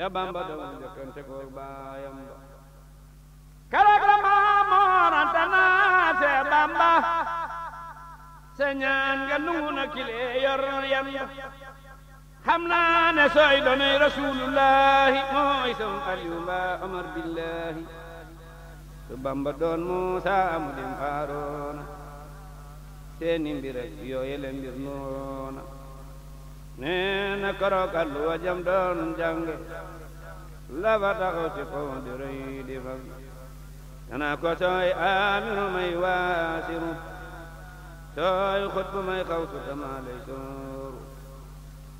ya bamba doon muusa amu dem faaroona seeni mbir ak yooyele noona nee na keroog at doon jàng la fa taxaw ci kaw di rëy di fag dana ko sooy aamiru may waasiru sooy xutbu may xawsu dama lay sooru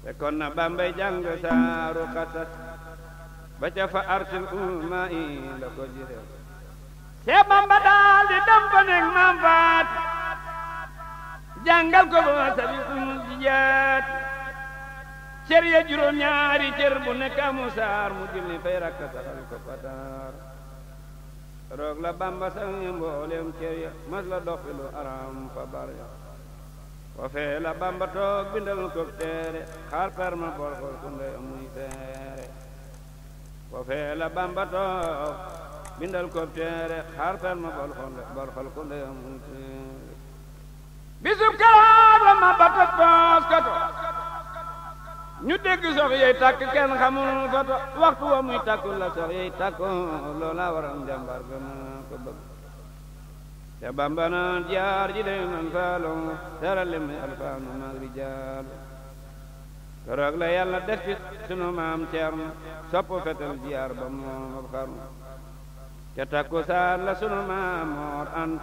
fekkoon bambay jàng saaru xasas ba ca fa arsil umma yi la ko jire te bamba daal di dem ko nekk maam faat jàngal ko ba sabi um jiyaat cër ya juróom ñaari bu nekk amu saar mu julli fay rakka saxal ko pataar roog la bamba sangi mbooleem cër ya mas la doxi lu fa bar ya fee la bamba toog bindal ko teere xaar perma bol bol xol bol xol ku ndey amuy teere bisub kalaam la ma batak paas kato ñu dégg sox yey tàkk kenn xamul fa waxtu wa muy tàkku la sox yey tàkku loola waral njàmbar ga mu ko bëgg te bamba naan ji day man faalo dara lim mag rijaal keroog la yàlla def ci sunu maam ceerno sopp fetal jiyaar ba moom ab xarnu te takku saan la sunu maam moor ant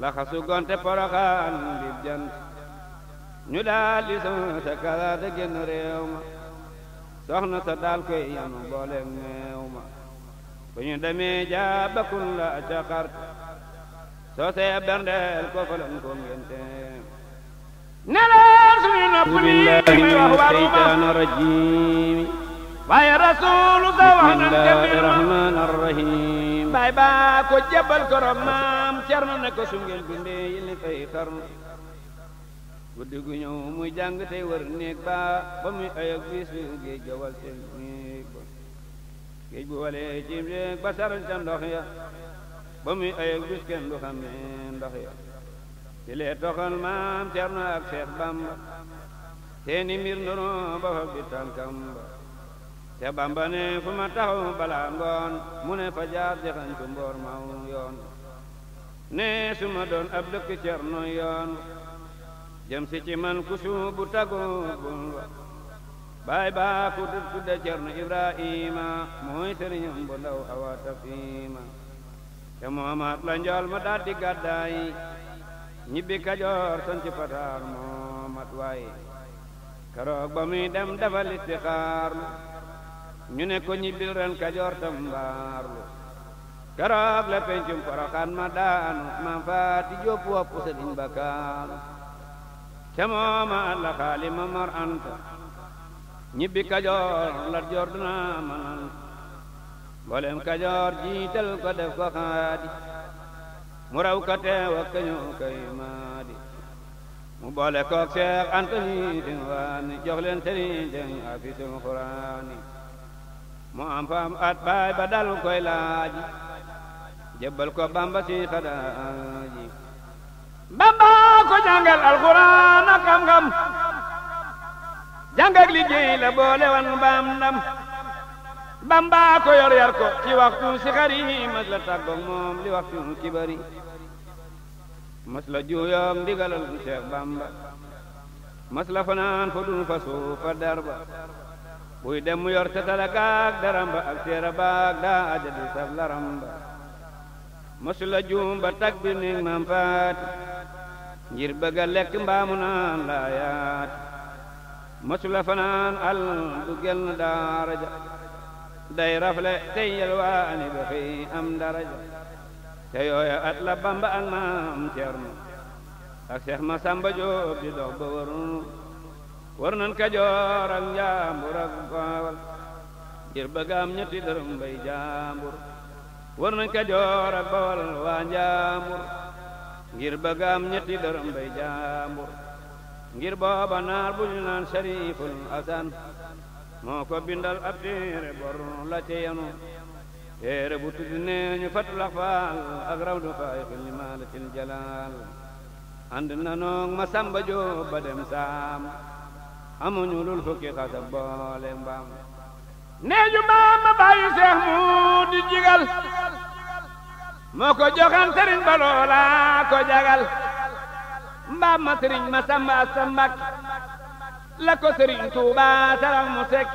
la xasu gonte poroxaan bi ñu daal di sama sa kala te génn sa daal koy yanu boole meew ma bu ñu demee jaa bakkun la ca xart soo see berndeel ko falan ko ngente neleen suñu nopp bi may wax waruma waaye rasuulu sa wax nan jamiru rahmaan ko jabal korom maam cerno ko su ngeen yi li fay xarnu guddi gu ñëw muy jàng tey wër néeg ba ba muy ayak biisu géej ga wal seen néeg ba géej bu walee ci néeg ba saroñ ca ba muy ayak bis kenn du xam ne ndox toxal maam Cerno ak Seex Bamba seeni mbir ndono ba fa bi tànkam ba Bamba ne fa jaar jaxañ tu maw yoon ne su doon ab dëkk Cerno yoon jëm si ci man ku suubu tagoo bul baay baa ku dut ku de cernu ibrahima mooy sëriñam bu ndaw awa tafiima te moomaat la njool ma daal di ñibbi kajoor son ci pataar moomat waay keroog ba muy dem dafa listixaarlu ñu ne ko ñibbil ren kajoor tam mbaarlu keroog la pencum ma daanu maam faati jóob wopp sëriñ bakaaru te mooma alla xaali ma anta ñibbi kajoor lat joor duna manant mboolem kajoor jiital ko def ko xaadi mu raw ko teew ak maadi mu boole kook seex antani den waani jox leen sëriñ den xuraani mu am faam at baay ba dal koy laaji jébbal ko bamba si xadaaji bamba ko jàngal liggéey la boole wan mbaam ndam bamba ko yor yar ko ci waxtu si xari mas la tàggoog moom li waxtu kibari mas la juuyoog Seex bamba mas fanaan fa dun fa suufa darba buy dem yor tatala kaag daramba ak seera baag daa ajadi saf laramba mas juum ba takbir ni maam faati ngir bëgga lekk mbaamu naan laayaat masula fanaan al du genn daaraja day rafle tey yelwaani ba xëy am daraja te yooya at la bamba ak maam Ceerno ak Seex Masamba Jóob di dox ba wërnu war nan Kajoor ak njaambur ak Bawal ngir bëgg am ñetti dërëm bay jaambur war nan Kajoor ak Bawal waa njaambur ngir bëgg am ñetti dërëm bay jaambur ngir booba naar bu ñu naan moo ko bindal ab bor la ca yanu téere nee ñu fatul axfaal ak rawdu faayixil limaalatil jalaal ànd na noog ma samba jóob ba dem saam amuñu lul fukki xasa boole mbaam nee ñu maam ma bàyyi seex mu di jigal moo ko joxan sëriñ ba loola ko jagal mbaam ma sëriñ ma samba sa mbak sëriñ tuuba saral mu teg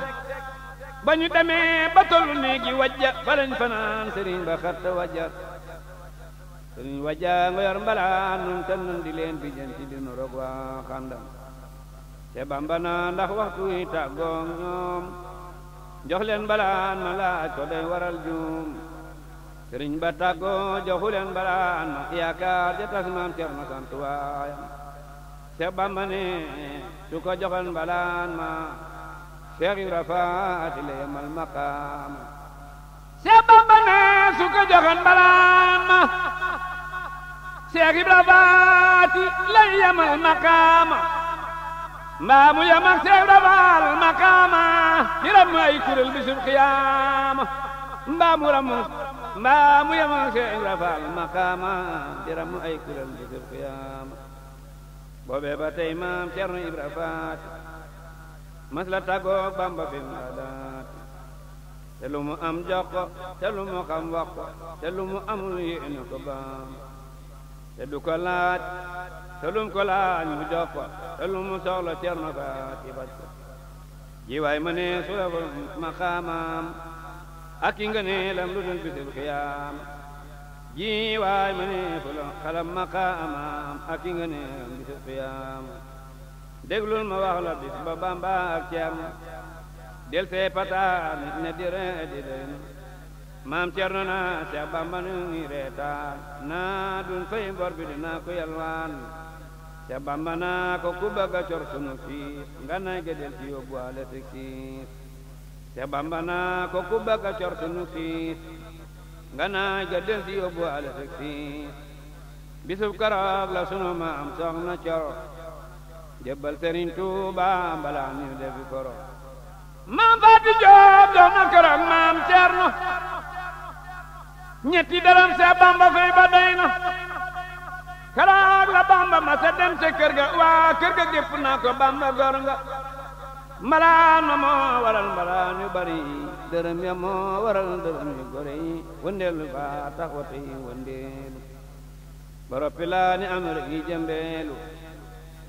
ba demee ba tollu néegi wajja fa lañ fanaan sëriñ ba xatta wajja sëriñ wajja nga yor mbalaan nun tan di leen bi di nu roog waa xandam te bamba na ndax waxtu yi tàggoog ñoom jox leen ma laaj ko day waral juum sëriñ ba tàggoo joxuleen balaan ma yaakaar ja tas cer na sant waayam Seex Bamba ne su ko balaan ma Seex Ibra Faati la yemal maqaam Seex Bamba ne su ko balaan ma Seex Ibra Faati la yemal maqaama mbaa mu yem ak Seex Ibra Faal maqaama ñu mbaa mu yemoo Cheikh Ibra Faal maqaama jaramu ay kuréel di sëf qiyaama boobee ba tey maam Cerno Ibra Faal mas la tàggoo Bamba fi mu daat te lu mu am jox te lu mu xam te lu mu amul yéene ko Bamba te du ko laaj te lu ko laaj mu jox te lu mu soxla Cerno Faal ci faj ko jiwaay ma ne sula maqaamaam ak i nga lu dul bisil xiyaama ji waay ma ne fula xalam ak yi nga ne lam bisil déglul ma wax la ba bamba ak ceerno del see ne di ree maam ceerno naa si a bamba nu ngi reetaan dun fay mbor bi dinaa ko yalwaan si a bamba naa ko ku bëgg a cor sunu nga nay ga del ci yóbbuwaale si kiis te bamba naa ko ku bëgg a cortu nu siis nga naa ja del di yóbbu ale seg siis bisub karoog la sunu maam soxna coro jébbal sëriñ tuuba mbalaa ñu defi koro maam faati joob doon na keroog maam ceerno ñetti daram see bamba fay ba doy na karoog la bamba ma sa dem ca kër ga waa kër ga gépp naa ko bamba gor nga malaan ma moo waral malaan yu bari dërëm ya moo waral dërëm yu gore yi wëndeelu baa tax yi wëndeelu ba roppi laa ni am rek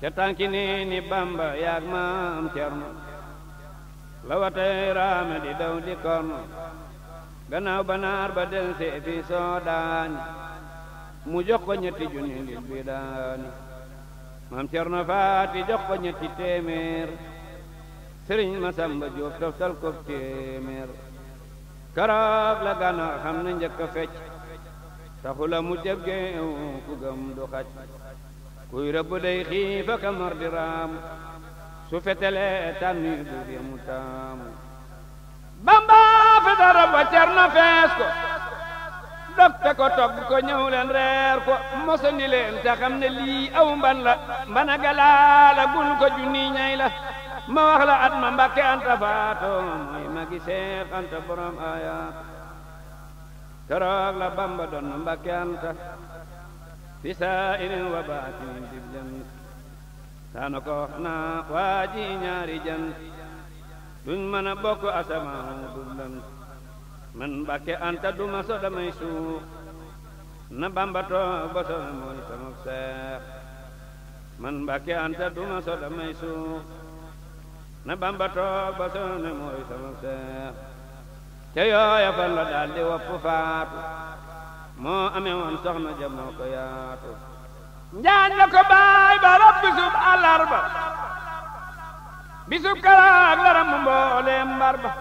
ca tànki nii bamba yaag maam cerno la watay raame di daw di korno banaar ba del see soo daani mu jox ko ñetti junni lit daani maam cerno faati jox ko ñetti téeméer sëriñ Masamba Jóob toftal ko téeméer karaab la gana xam na njëkk a fecc taxula mu jeggeew ku gëm du kuy rëbb day xiif ak mar di raam su fetele tànni du di mu taamu Bamba fetara ba cer na fees ko dofte ko togg ko ñëw reer ko mosandi leen te xam ne lii aw mban la mbana galaala gul ko junni ñay la ma wax la ma Mbàkke Anta faatoo magi Seex Anta borom ayaat keroog Bamba doon na Anta fi saa'irin wa baatinin diblan daana ko wax naa waa ji ñaari jan duñ mën a bokk asamaan dublan man Mbàkke Anta du ma so na Bamba toog ba so mooy sama Seex man Mbàkke Anta du ma so na bamba toog ba soone mooy sama seex ca yooya fan la daldi woppu faatu moo amee woon soxna jamoo ko yaatu njaañ la ko baay ba rab bisub àllarba bisub kalaak la ramb mbooleem mbar ba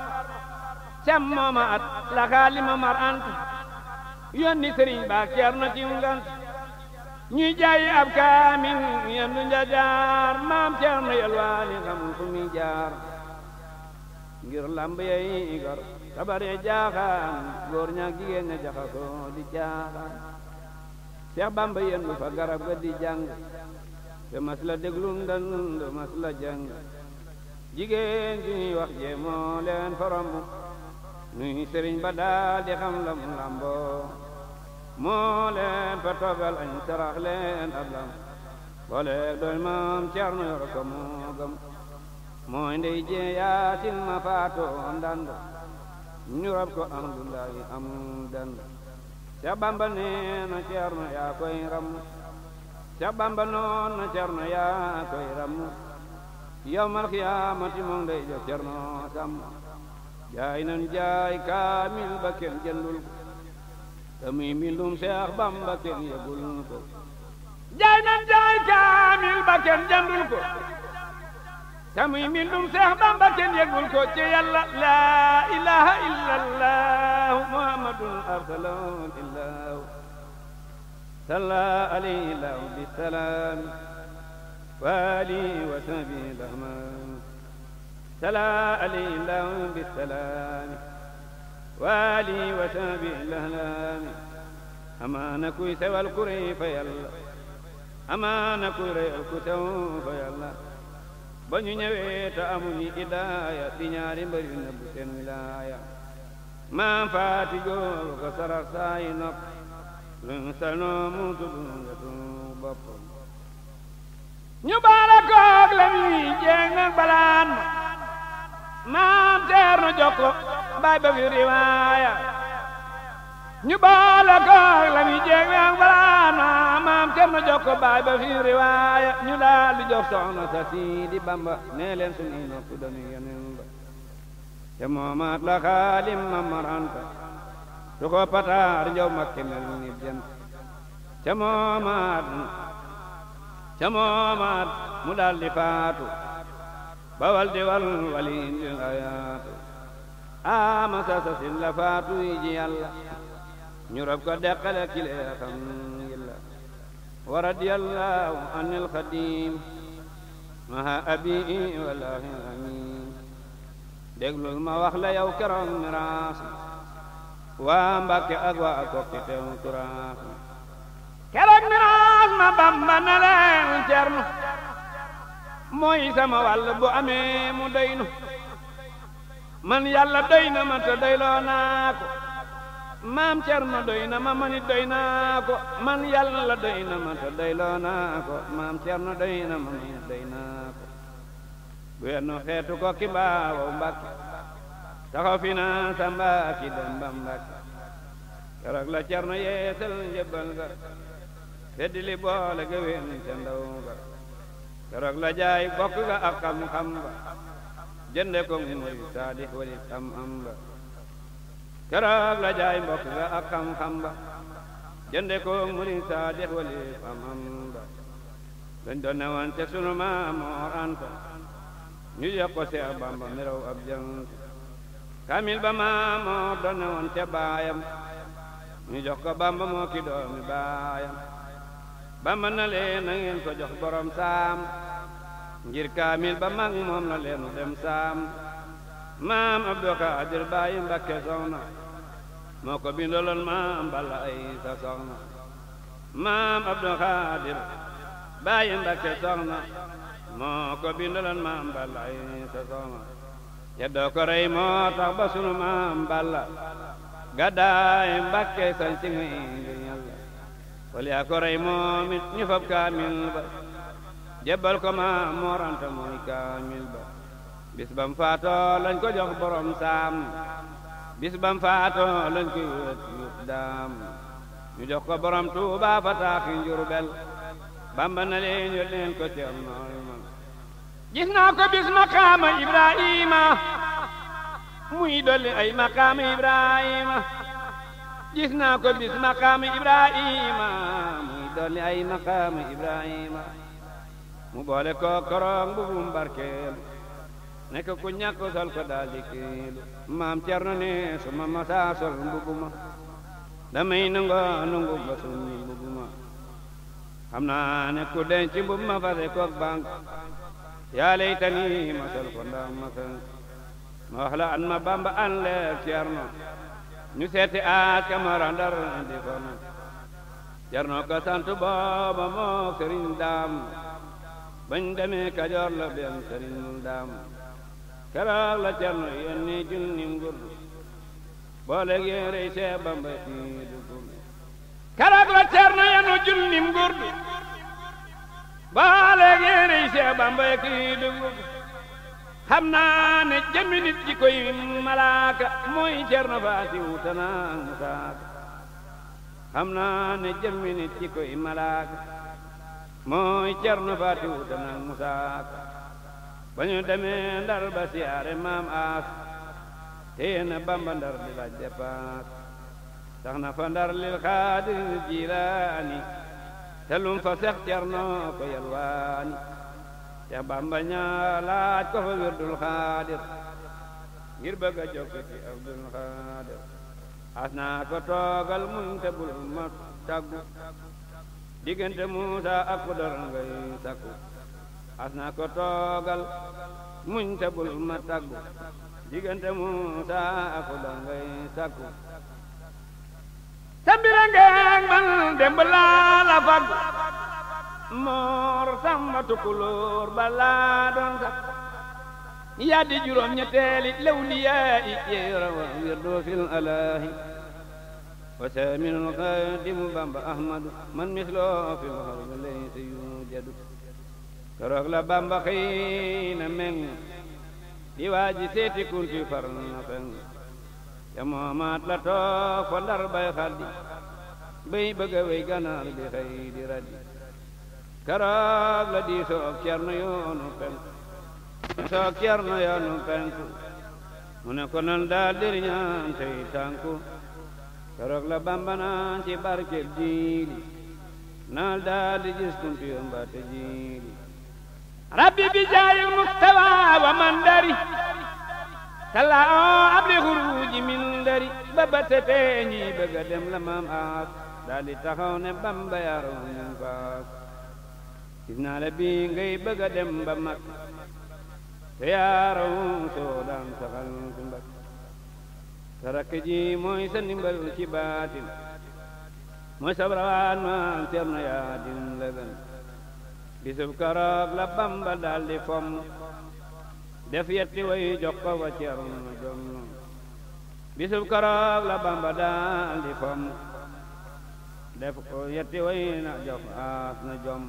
cam mooma at la xaalima mar ant yónni sëriñ baa ceer na ciw ngant ñu jaayi ab kaamin yem du nja jaar maam Cerno yalwaani xamul fu muy jaar ngir lamb yey gor tabare jaaxaan góor ñaak jigéen ña jaxasoo di jaaxaan Seex Bamba yéen fa garab ga di jàng la déglu ndënd mas la jàng jigéen ñuy wax jee moo fa romb nuy sëriñ ba daal di xam la mu moo leen fa toogal añ sarax leen ab lam doy maam Cerno yor ko moo gëm mooy ndey jeeyaatin ma faatoon dand ñu rab ko amdullahi am dand ca bamba nee na Cerno yaa koy ram ca bamba noon na Cerno yaa koy ram yow mal xiyaamati moom ndey jox Cerno sam jaay nan jaay kaamil ba kenn jëndul ko te muy mbindum Seex Bamba kenn yëgul ko jaay nan jaay kaamil ba kenn jëndul ko te muy mbindum Seex Bamba kenn yëgul ko ci yàlla laa ilaha illallah muhammadun arsalahu illahu salla alayhi lahu bisalaam wa alihi wa sahbihi lahman salla alayhi lahu bisalaam waali wa saabi lahlaami amaana kuy sewal ku rëy fa yàlla amaana kuy rëyal ku sew fa yàlla ba ñu ñëwee te amuñu idaaya di ñaari mbëri na bu seen wilaaya maam faati góor ko sarax saayi nopp luñ salnoo mu tudd nga tudd boppam ñu baala koog la ñuy jéeg nag balaan maam teer nu jokko baay ba fi riwaaya ñu boole ko la mi jeeg mi ak balaana maam teer nu jokko baay ba fi riwaaya ñu daal di jox soxna sa siidi bamba nee leen sunu noppi dañu yeneen ba te moomaat la xaalim ma maranta su ko pataar njaw makke mel ni jant moomaat mu daal di bawal di wal wali indil ayaatu ama sasa sin la faatu yi ji yàlla ñu rab ko deqale kilee xam ngilla wa radiyallahu anil xadim maha abii wallahi amin déglul ma wax la yow keroog miraas waa mbàkke ak waa kokki teew turaas keroog miraas ma bamba na leen cernu mooy sama wàll bu amee mu doy nu man yàlla doy na ma te doyloo naa ko maam Cerno doy na ma manit doy naa ko man yàlla doy na ma te doyloo naa ko maam Cerno doy na ma manit doy naa ko guyennu xeetu ko ki baawaw mbàkke fi naa sa mbaaki dem ba mbàkke keroog la Cerno yeesal njëbbal ga te di li boole ga ndaw ga keroog la jaay bokk ga ak xam-xam ba ko muy saalix wali xam-xam ba keroog la bokk ga ak xam-xam ba ko muy saalix wali xam-xam ba dañ doon sunu maam Moor Anta ñu yokk ko Seex Bamba mi raw ab jant kamil ba maam Moor doon ne baayam ñu jox ko Bamba moo ki doomi baayam ba na leen nangeen ko jox borom saam ngir kaamil ba mag moom na leenu dem saam maam Abdou Khadir Baye Mbakke soxna moo ko bindaloon maam Balla Aysa soxna maam Abdou Khadir Baye Mbakke soxna moo ko bindaloon maam Balla Aysa soxna yeddoo ko rey moo tax ba sunu maam Balla gàddaay Mbakke sañ ci ngay wal yaa ko rey moom it fab kaamil ba jébbal ko ma mooranta mooy kaamil ba bis bam faatoo lañ ko jox borom saam bis bam faatoo lañ ko yóot yóot daam ñu jox ko borom tuuba fa taaxi njurbel bamba na leen leen ko ceeb nooy ma naa ko bis maqaama ibrahima muy dolli ay maqaama ibrahima gis naa ko bis maqaamu Ibrahima muy dolli ay maqaamu Ibrahima mu boole ko korong bu bum barkeelu nekk ku ñàkk sol daal di kiilu maam Cerno ne su ma masaa sol mbubu damay nango nangu ba summi mbubu ma xam naa ne ku denc mbubu ma fase koog bank yaa laytani ma sol ko ndax ma sënk an ma Bamba an leer Cerno ñu seeti aaj kamara ndar indi ko na jarno ko sant booba moo sëriñ daam bañ demee kajoor la benn sëriñ daam keroog la cerno yónni junni ngur boole yéen rey see bamba fii dugub keroog la cerno yenu junni ngur boole yéen rey see bamba fii dugub xam naa ne jëmmi nit ji koy malaaka mooy Cerno Faatiw tanaa musaaka xam naa ne jëmmi nit ji koy malaaka mooy Cerno Faatiw tanaa musaaka ba ñu demee ndar ba siyaare maam aas téye bamba ndar di laaj sax na fa ndar lil xaadir jilaani te lum fa sex cerno ko yalwaani te bamba ñaalaaj ko fa wirdul xaadir ngir bëgg a jokk ci abdul xaadir as naa ko toogal muñ te ma tàggu diggante muusa ak ku dor sakku as ko toogal muñ te ma tàggu diggante muusa ak ku dor sakku sa mbira demb laa la faggu moor sàmma tukulóor balaa doon sax yaa di juróom ñetteeli lawliyaa i yeera wa wirdoo fil alaahi wa saaminul xaadimu bamba ahmadu man misloo fil xarba laysa yuujadu keroog la bamba xëy na meng di waaji seeti kunti far na feng ya moomaat la toog fa ndar bay xaddi bay bëgga way ganaar bi xëy di raddi karaag la diisoo ak Cerno yoonu mu ne ko nan daal diriñaan tey tànku keroog la Bamba naan ci barkeb jiili naal daal di gis kuntu baate jiili rabbi bi jaayil mustawa wa mandari talla oo abli xuruuji min dari ba ba peeñi bëgga dem la maam aas daal di taxaw ne Bamba yaroon ñu faas gis naa la bii ngay bëgga dem ba mag te yaaraw soo daan saxal si mbag sa mooy sa ndimbal ci baatin mooy sa rawaan maam Cerno yaa din la bisub karoog la Bamba daldi fomm def yetti way jox ko wa Cerno jom bisub karoog la Bamba daldi fomm def yetti way na jox aas na jomm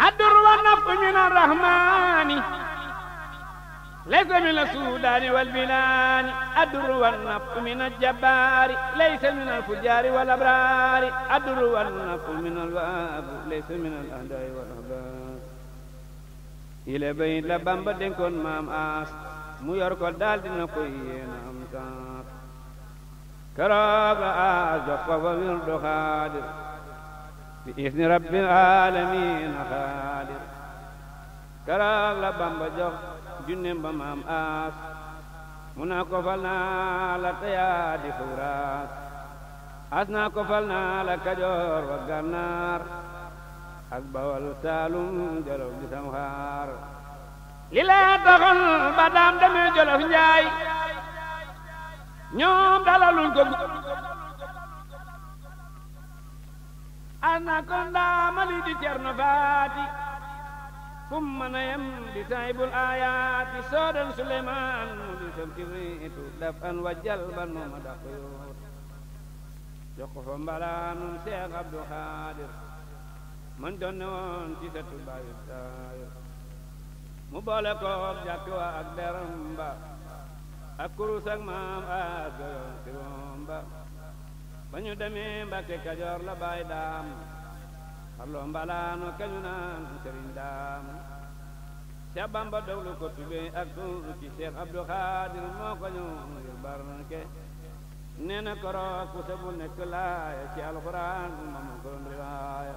الدر والنفع من الرحمن ليس من السودان والبلاد الدر والنفع من الجبار ليس من الفجار والأبرار الدر والنفع من الواب ليس من الأهداء والأحباب إلى بيت لبamba dénkoon maam aas mu yor ko daal dina koy yéena am kaat keroog la aas jox ko fa wir du xaadir بإذن رب العالمين خالد كراغ لا بامبا جوخ جنم بمام آس منا كفلنا لك يا دي فراس أسنا كفلنا لك جور وغنار أكبا والسالم جلو بسمهار للا تخل بدام دمي جلو نجاي ñoom dalaluñ ko ana ko ndaamali di cerno faati fu mën a yem di taybul aayaati soodan suleymaan mu di tamkiriitu daf an wajjal ban mu ma daqiyoot jox fa mbalaanum seex abdu xaadir man jonne woon ci setu baayu taayir mu boole koog jàkki wa ak deram ba ak kurus maam aas goyoon si romba bañu ñu demee Mbàkke Kajoor la baay daam xarloo mbalaanu kañu naan sëriñ daam Seex Bamba doglu ko tubéy ak tuuru ci Seex Abdu Xaadir moo ko ngir barke nee na koroog ku sebu nekk ci alxuraan moom ko doon riwaaya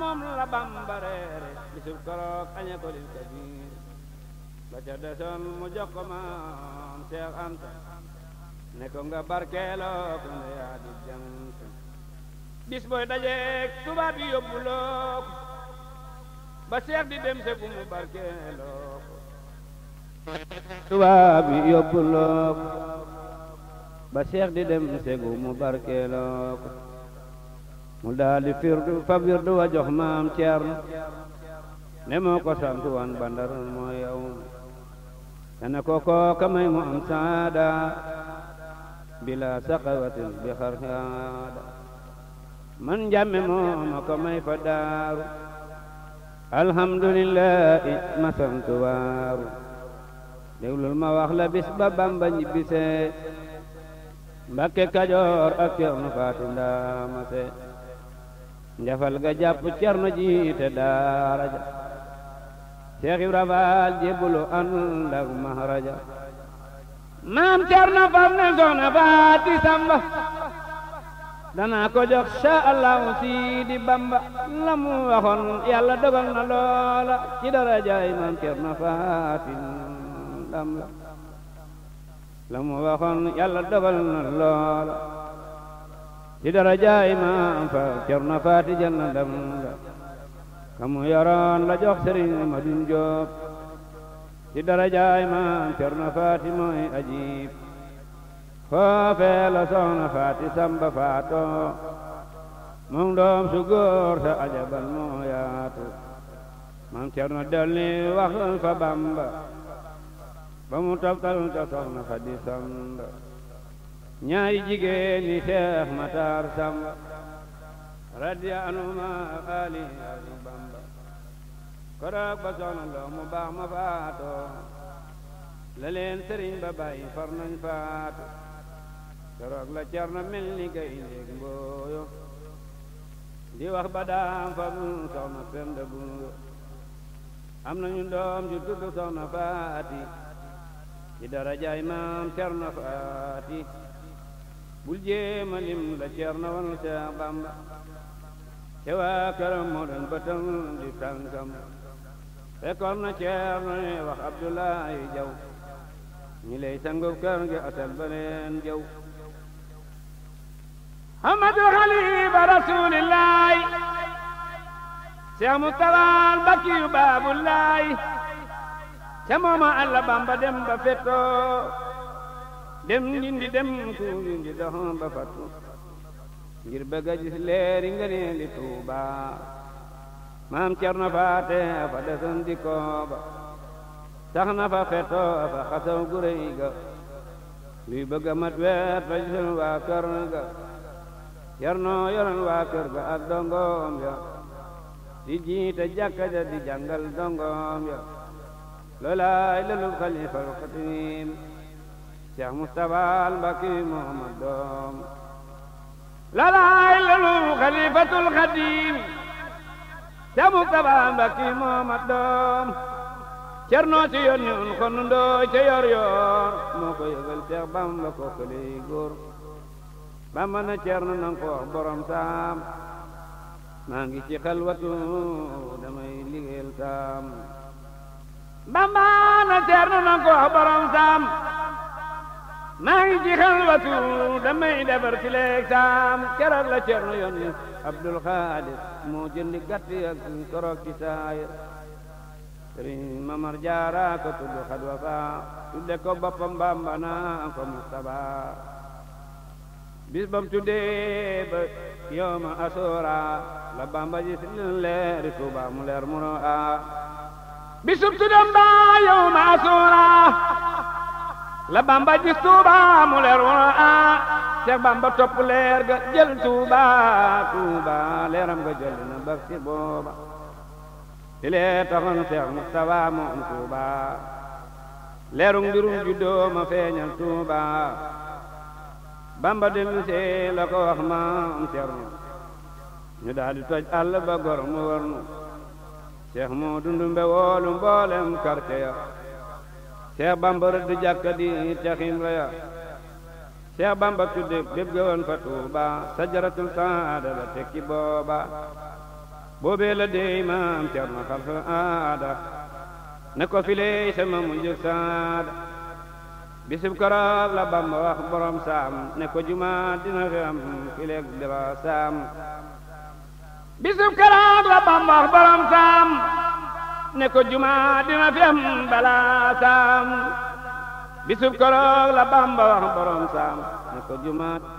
moom la Bamba reere bisub koroog añe ko lil kabiir la ca mu jox maam Seex Anta ne ko nga barkeeloo ko yaa di jant bis booy dajeeg tubaab bi yóbbu ba seex di dem se mu barkeeloo mu daal di firdu fa firdu jox maam Ceerno ne moo ko sant woon moo yow ne na may mu am saada bila saqawatin bi xarxaada man njàmme mooma ko may fa daaru alhamdulillahi ma sant waaru déglul ma wax la bis ba bamba ñibbisee mbakke kajoor ak cerno faati ndaama se njafal ga jàpp cerno jiite daara ja seex ibra faal jébbalu ànd ak maharaja maam Cerno fam na soxna danaa ko jox sha Allahu Sidi Bamba la mu waxoon yàlla dogal na loola ci darajaay maam Cerno Faati Samba la mu waxoon yàlla dogal na loola ci darajaay maam fa Cerno Faati jël ndam la ka mu yoroon la jox Sëriñ Madun Joob ci darajaay maam Cerno Faati mooy ajiib foofee la soxna faati samba faatoo moom doom su góor sa ajabal moo yaatu maam Cerno dolli wax fa bamba ba mu toftal ta soxna fa di samba ñaari jigéen ñi Seex samba radiya anuma ali bamba koroog ba soxna loo mu baax ma faatoo la leen sëriñ ba bàyyi far nañ faatu koroog la car na mel ni gayndeeg mbooyo di wax ba daam fa bu soxna penda buuro am nañu doom ju tudd soxna faati ci darajaay maam car na faati bul jéema lim la car na wan Seex Bamba te waa këram moo doon bëtam di tànkam fekkoon na ceerno ne wax Abdoulaye Jaw ñi lay sangu kër gi atal beneen jaw Ahmadu xalifa rasuulillaahi Seex Mustafaa Bakkiyu Baabullaahi ca mooma Alla Bamba dem ba dem ndindi dem ku ndindi dox fattu ngir bëgg a leeri nga ne li Tuubaa maam Cerno faate fa desoon di kooba tax na fa xeto fa xasaw gu ga luy bëgga mat weet fa gisoon waa kër ga Cerno yoroon waa kër ga ak dongoom ya di jiite jàkka ja di jàngal dongoom ya loolaay lelu xalifal xatiim Cheikh Mustapha Mbàkke Muhammad doom loolaay lelu xalifatul xatiim Seex Mustafa Mbàkke moo mat doom Cerno si yoon ñun kon ndooy ca yor moo ko yëgal Seex Bamba ko këley góor Bamba na Cerno nanga ko wax borom maa ngi ci xalwatu damay liggéeyal saam Bamba na Cerno nanga ko wax borom maa ngi ji xelwatu damay defar si leeg saam keroog la Cerno yónni Abdul Xaadir moo jëndi gàtt ak torog ci saayir sëriñ Mamar Jaara ko tudd xadwa fa tudde ko boppam bambana ko Mustaba bis bam tuddee ba yooma asoora la bamba ji si leeri Tuuba mu leer muro a bisub tudam ba yooma asoora la bamba gis tuuba mu leer woon ah Seex bamba topp leer ga jël tuuba tuuba leeram ga jël na ba booba di lee taxoon Seex Mustafa mu am tuuba leerum mbirum juddoo ma feeñal tuuba bamba dellu see la ko wax ma am cernu ñu daal toj àll ba gor mu nu Seex mu dundu mbe woolu mboolem quartier ya Seex Bamba rëdd jàkka di ca ximla ya Seex Bamba tudde bépp gawoon fa Tuuba sajaratul saada la tekki booba boobee la dey maam Cerno Xalfa aada ne ko filey sama mujj saada bisub koroog la Bamba wax borom saam ne ko juma dina fi am fileeg dira saam bisub koroog la Bamba wax borom saam ne ko juma dina fi am balaa saam bisub koroog la Bamba wax borom saam ne ko juma